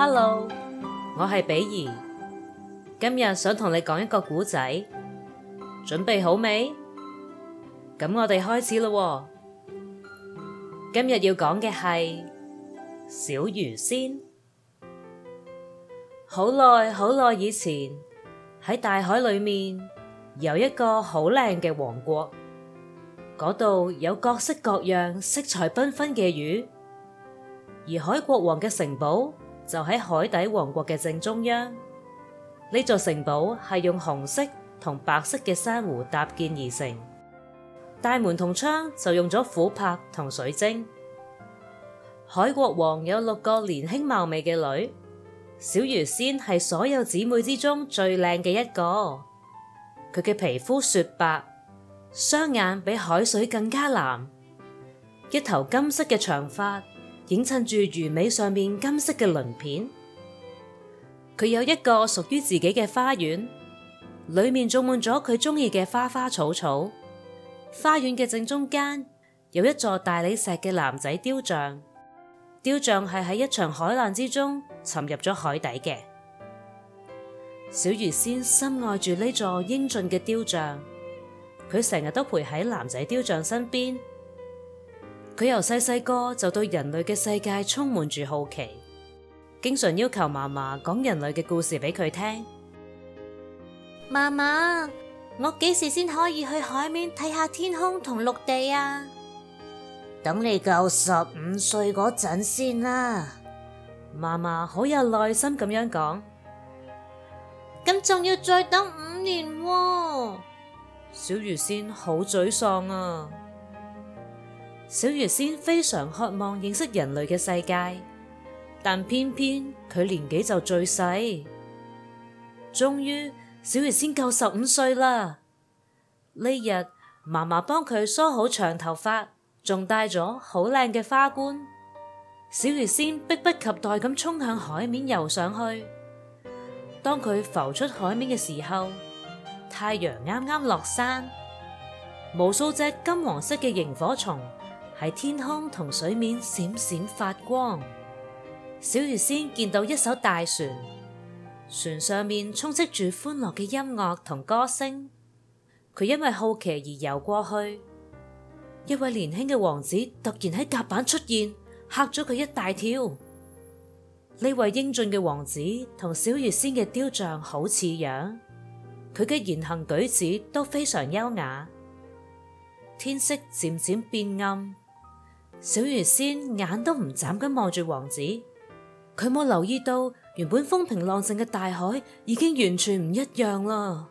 Hello，我係比兒，今日想同你講一個古仔，準備好未？咁我哋開始啦。今日要講嘅係小魚仙。好耐好耐以前，喺大海裏面有一個好靚嘅王國，嗰度有各式各樣、色彩繽紛嘅魚，而海國王嘅城堡。就喺海底王國嘅正中央，呢座城堡係用紅色同白色嘅珊瑚搭建而成。大門同窗，就用咗琥珀同水晶。海國王有六個年輕貌美嘅女，小魚仙係所有姊妹之中最靚嘅一個。佢嘅皮膚雪白，雙眼比海水更加藍，一頭金色嘅長髮。影襯住魚尾上面金色嘅鱗片，佢有一個屬於自己嘅花園，裏面種滿咗佢中意嘅花花草草。花園嘅正中間有一座大理石嘅男仔雕像，雕像係喺一場海難之中沉入咗海底嘅。小魚仙深愛住呢座英俊嘅雕像，佢成日都陪喺男仔雕像身邊。佢由細細個就對人類嘅世界充滿住好奇，經常要求媽媽講人類嘅故事俾佢聽。媽媽，我幾時先可以去海面睇下天空同陸地啊？等你夠十五歲嗰陣先啦。媽媽好有耐心咁樣講。咁仲要再等五年喎、啊。小魚仙好沮喪啊！小魚仙非常渴望認識人類嘅世界，但偏偏佢年紀就最細。終於，小魚仙夠十五歲啦！呢日，嫲嫲幫佢梳好長頭髮，仲戴咗好靚嘅花冠。小魚仙迫不及待咁衝向海面游上去。當佢浮出海面嘅時候，太陽啱啱落山，無數隻金黃色嘅螢火蟲。喺天空同水面閃閃發光，小魚仙見到一艘大船，船上面充斥住歡樂嘅音樂同歌聲。佢因為好奇而游過去，一位年輕嘅王子突然喺甲板出現，嚇咗佢一大跳。呢位英俊嘅王子同小魚仙嘅雕像好似樣，佢嘅言行舉止都非常優雅。天色漸漸變暗。小魚仙眼都唔眨咁望住王子，佢冇留意到原本風平浪靜嘅大海已經完全唔一樣啦！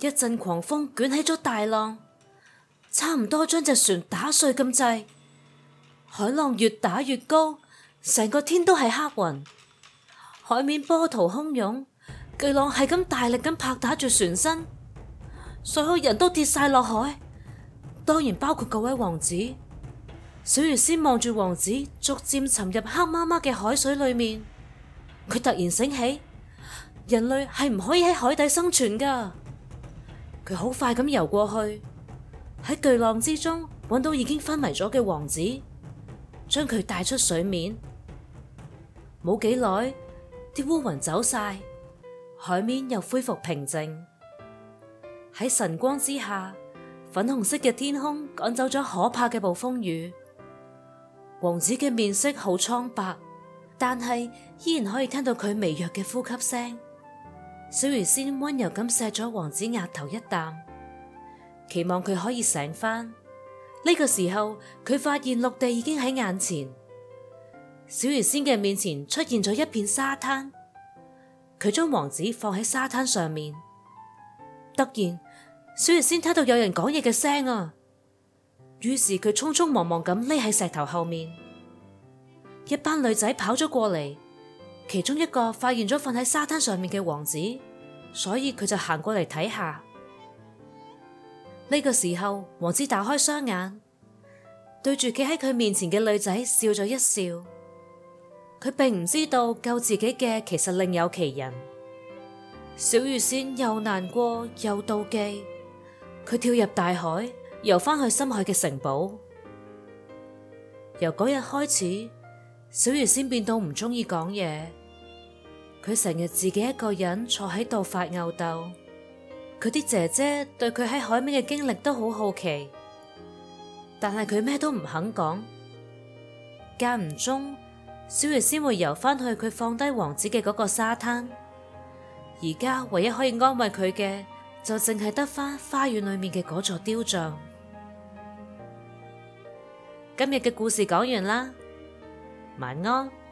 一陣狂風捲起咗大浪，差唔多將隻船打碎咁滯。海浪越打越高，成個天都係黑雲，海面波濤洶湧，巨浪係咁大力咁拍打住船身，所有人都跌晒落海，當然包括各位王子。小魚仙望住王子，逐漸沉入黑媽媽嘅海水裏面。佢突然醒起，人類係唔可以喺海底生存噶。佢好快咁游過去，喺巨浪之中揾到已經昏迷咗嘅王子，將佢帶出水面。冇幾耐，啲烏雲走晒，海面又恢復平靜。喺晨光之下，粉紅色嘅天空趕走咗可怕嘅暴風雨。王子嘅面色好蒼白，但係依然可以聽到佢微弱嘅呼吸聲。小魚仙溫柔咁錫咗王子額頭一啖，期望佢可以醒翻。呢個時候，佢發現陸地已經喺眼前。小魚仙嘅面前出現咗一片沙灘，佢將王子放喺沙灘上面。突然，小魚仙聽到有人講嘢嘅聲啊！於是佢匆匆忙忙咁匿喺石頭後面，一班女仔跑咗過嚟，其中一個發現咗瞓喺沙灘上面嘅王子，所以佢就行過嚟睇下。呢個時候，王子打開雙眼，對住企喺佢面前嘅女仔笑咗一笑。佢並唔知道救自己嘅其實另有其人。小魚仙又難過又妒忌，佢跳入大海。游返去深海嘅城堡。由嗰日開始，小魚仙變到唔中意講嘢。佢成日自己一個人坐喺度發吽逗。佢啲姐姐對佢喺海面嘅經歷都好好奇，但係佢咩都唔肯講。間唔中，小魚仙會游返去佢放低王子嘅嗰個沙灘。而家唯一可以安慰佢嘅，就淨係得返花園裏面嘅嗰座雕像。今日嘅故事講完啦，晚安哦。